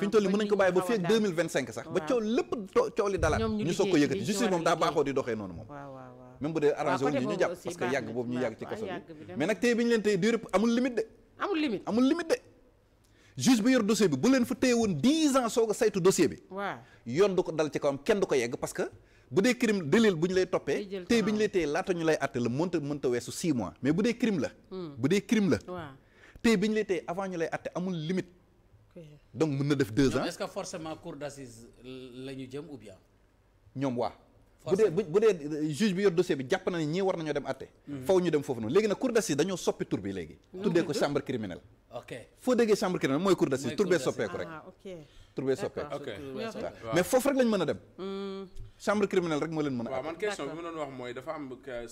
fi ñu toll nii mën nañ ko bàyyi ba fii ak sax ba coow lépp coow li dalaat ñu soog ko yëkkati justice moom daa baaxoo di doxee noonu moom même bu dee arrangé wu ñu jàpp parce que yàgg boobu ñu yàgg ci kaso bi mais leen tey durée woon dix a saytu dossier bi waaw yoon du ko dal ci kawam kenn du ko yegg parce que bu dee crime délil bu ñu lay toppee tey bi ñu lay téye laata ñu lay àtte la mënta mënta weesu six mois mais bu dee crime la hmm. bu bi ñu lay téye avant ñu lay àtte amul limite donc mën na def deux ans. est-ce que forcément cour ñu jëm ou bien. ñoom waa. bu dee bu dee euh, juge bi yor dossier bi jàpp na ne ñii war nañoo dem àtte. Hmm. faw ñu dem foofu noonu léegi nag cour d'assises dañoo soppi tur bi léegi. Hmm. tuddee ko chambre criminelle. ok mooy cour d'assises tur ah, mais foofu rek lañ mën a dem. Hmm. chambre criminelle rek moo leen mën a. waaw man question bi ma doon wax mooy dafa am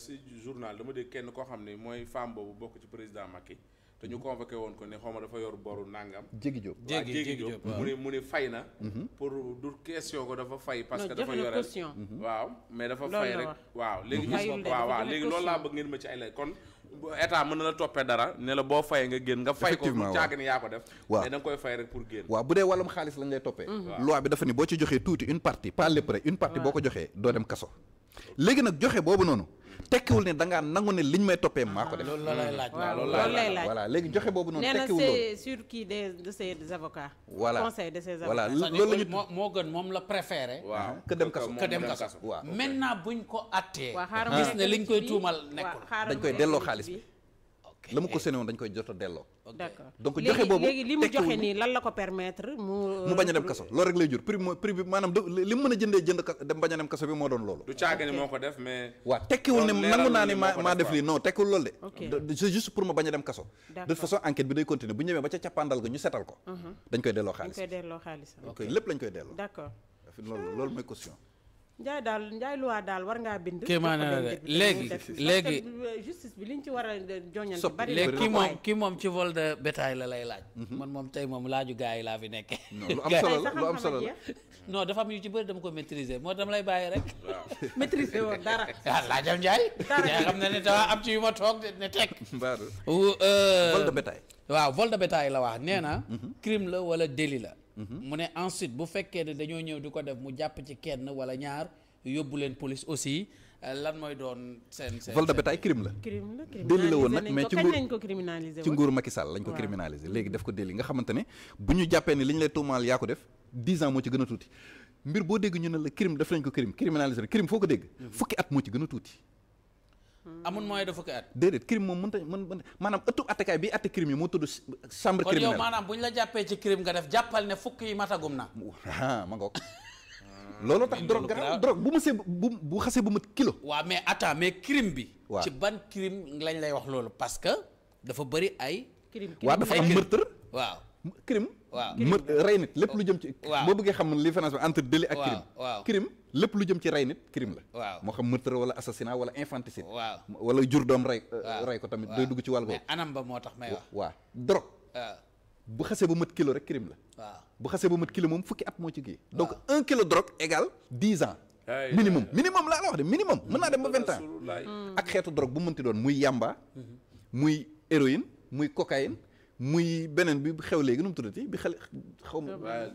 si journal dama dégg kenn koo xam ne mooy femme boobu bokk ci président Macky te ñu convoqué woon ko ne xaw ma dafa yor boru nangam. jéggi jóob waaw jéggi jóob mu ne mu ne fay na. Mhm. pour du question ko dafa fay. parce que dafa yore mhm. waaw mais dafa fay rek. waaw léegi gis waaw waaw loolu laa bëgg ngeen ma ci ay lay kon. état mën na la toppee dara ne la boo fayee nga génn nga fay ko bu caag ni yaa ko def waaw mais da koy fay rek pour génn waaw bu dee wàllum xaalis lañ lay toppee mhm. loi bi dafa ni boo ci joxee tuuti une partie pas lépp rek une partie boo ko joxee doo dem kaso léegi nag joxe boobu noonu tekkiwul ne da ngaa nangu ne ñu may toppee maa ko def. loolu la lay laaj loolu la léegi joxe boobu noonu. tekkiwul loolu nee na c'est sur qui des de ses avocats. voilà loolu la moo gën moom la préféré. waaw que dem kaso que dem kaso waaw bu ñu ko attee. waaw xaaral gis ne liñ koy tuumal nekkul. dañ koy delloo xaalis bi. la mu ko séné woon dañ koy jot delloo d'accord donc joxe boobu li mu joxe nii lan la ko permettre mu. bañ a dem kaso euh, loolu rek jur prix prix bi maanaam li mu mën a jëndee jënd dem bañ a dem kaso bi moo doon loolu. tekkiwul ne nangu naa ne maa maa def lii non tekkiwul loolu de. juste pour ma bañ a dem kaso. de façon enquête bi day continuer bu ñu ba ca cappaandal ga ñu setal ko. Mhm. dañ koy delloo xaalis loolu loolu mooy caution njaay daal njaay luwaa daal war ngaa bind. kéemaan léegi léegi euh, justice bi ñu ci war a joñal bari léegi kii moom kii moom ci vol de la lay laaj. Mhm. man moom tey moom laaju gars yi laa fi nekk. lu am solo la lu am solo la non yu ci bëri dama ko maîtriser moo dama lay bàyyi rek. waaw maîtriser woon dara. ah laajam njaay. dara xam na ne dafa am ci yu ma toog ne teg. Euh, vol de bétail. waaw vol de la wax nee na. Mhm. crime la wala délit la. Mm-hmm. mu ne ensuite bu fekkee ne dañoo ñëw di ko def mu jàpp ci kenn wala ñaar yóbbu leen police aussi euh, lan mooy doon seen seen vol crime la crime la woon nag mais ci nguur ci nguur Macky Sall lañ ko criminaliser léegi def ko délit nga xamante ne bu ñu jàppee ne li ñu tuumaal yaa ko def dix ans moo ci gën a tuuti mbir boo dégg ñu ne la crime def nañ ko crime criminaliser crime foo ko dégg mm-hmm. fukki at moo ci gën a tuuti amul moyen de fukki at. déedéet crime moom mënta mën maanaam ëttub attekaay bi atte crime yi moo tudd chambre criminelle kon yow maanaam bu la jàppee ci crime ah, ma ngoog. loolu tax drogue garaaw drogue bu ma see bu bu xasee bu mat kilo. waaw mais attends mais crime bi. ci ban crime lañ lay wax loolu parce que dafa bëri ay. crime crime waaw dafa am meurtre. waaw crime. waaw mët rey nit lépp lu jëm ci. waaw boo bëggee xam li différence bi entre délit ak. crime crime lépp lu jëm ci rey nit crime la. waaw moo xam meurtre wala assassinat wala infanticide. waaw wala jur doom rey. Euh, rey ko tamit day dugg ci wàll boobu. anam moo tax may wax. waaw drogue. bu xasee ba mët kilo rek crime la. waaw bu xasee ba mët kilo moom fukki at moo ci kii. donc un kilo drogue égale dix ans. minimum minimum laa la wax de minimum mën naa dem ba vingt ans. ak xeetu drogue bu mënti doon muy yamba. Mhm. muy héroïne muy cocaïne. muy beneen bi xew léegi nu mu tuddati bi xel xaw ma.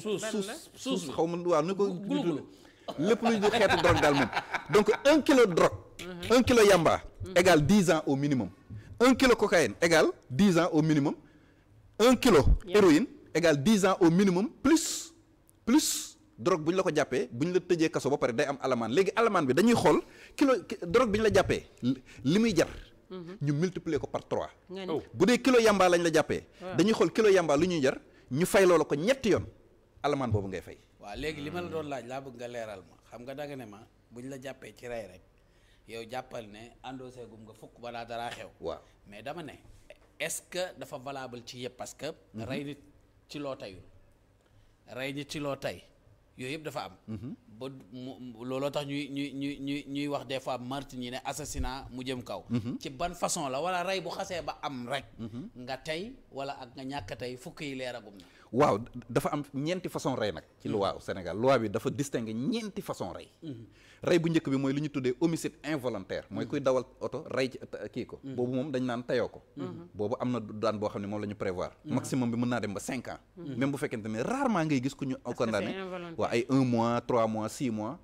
suus suus suus xaw ma waaw nu ko. gulugulu lépp luy xeetu drogue daal moom. donc un kilo drogue. Mhm. un kilo yamba. Mhm. égale dix ans au minimum. un kilo cocaïne égale dix ans au minimum. un kilo héroïne égale dix ans au minimum plus plus drogue bu ñu la ko jàppee bu ñu la tëjee kaso ba pare day am alamaan léegi alamaan bi dañuy xool kilo drogue bi ñu la jàppee li muy jar. Mhm. ñu multiplier ko par trois oh. bu dee kilo yamba lañ la jàppee dañuy xool kilo yamba lu ñuy jar ñu fay loola ko ñetti yoon alamaan boobu ngay fay waaw léegi li ma la doon laaj laa bëgg nga leeral ma xam nga danga ne ma buñ la jàppee ci rey rek yow jàppal ne endossé gum nga fukk balaa daraa xew waaw mais dama ne est-ce que dafa valable ci yëpp parce que mhm. rey nit ci loo tayul rey nit ci loo tey yooyu yëpp dafa am. Mhm. ba mu looloo tax ñuy ñuy ñuy ñuy wax des fois meurtre ñi ne assassinat mu jëm kaw. Mhm. ci ban façon la wala rey bu xasee ba am rek. Mhm. nga tey wala ak nga ñàkk tey fukk yi leeragum na. waaw dafa am ñeenti façon rey nag ci luwaaw Sénégal loi bi dafa distinguer ñeenti façon rey mm-hmm. rey bu njëkk bi mooy li ñu tuddee homicide involontaire mooy kuy mm-hmm. dawal oto rey ci kii ko mm-hmm. boobu moom dañ naan teyoo ko boobu am na daan boo xam ne moom la ñu prévoir maximum bi mën naa dem ba cinq ans même bu fekkente ne rarement ngay gis ku ñu condamné waaw ay un mois trois mois six mois